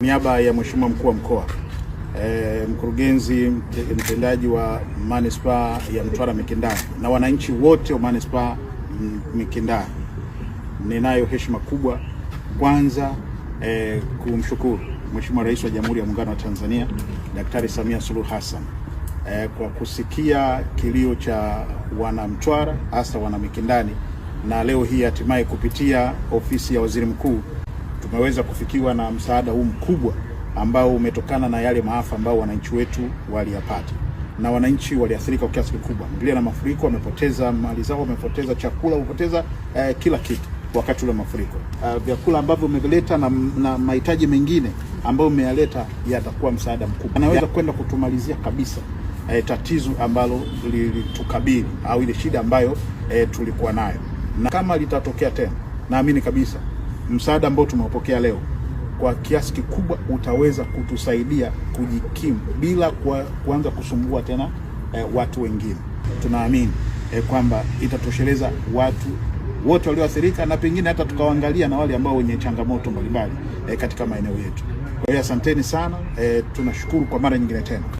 niaba ya Mheshimiwa mkuu wa mkoa e, mkurugenzi mtendaji wa manispaa ya Mtwara Mikindani na wananchi wote wa manispaa Mikindani, ninayo heshima kubwa kwanza e, kumshukuru Mheshimiwa Rais wa Jamhuri ya Muungano wa Tanzania Daktari Samia Suluhu Hassan e, kwa kusikia kilio cha wanamtwara hasa wanamikindani na leo hii hatimaye kupitia ofisi ya waziri mkuu tumeweza kufikiwa na msaada huu mkubwa ambao umetokana na yale maafa ambao wananchi wetu waliyapata, na wananchi waliathirika kwa kiasi kikubwa. Bila na mafuriko wamepoteza mali zao, wamepoteza chakula, wamepoteza eh, kila kitu wakati ule mafuriko. Uh, vyakula ambavyo umeleta na, na mahitaji mengine ambayo umeyaleta yatakuwa msaada mkubwa, anaweza kwenda kutumalizia kabisa eh, tatizo ambalo lilitukabili au ile shida ambayo eh, tulikuwa nayo, na kama litatokea tena naamini kabisa msaada ambao tumeupokea leo kwa kiasi kikubwa utaweza kutusaidia kujikimu bila kuanza kusumbua tena eh, watu wengine. Tunaamini eh, kwamba itatosheleza watu wote walioathirika na pengine hata tukawaangalia na wale ambao wenye changamoto mbalimbali eh, katika maeneo yetu. Kwa hiyo asanteni sana eh, tunashukuru kwa mara nyingine tena.